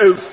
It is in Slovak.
El señor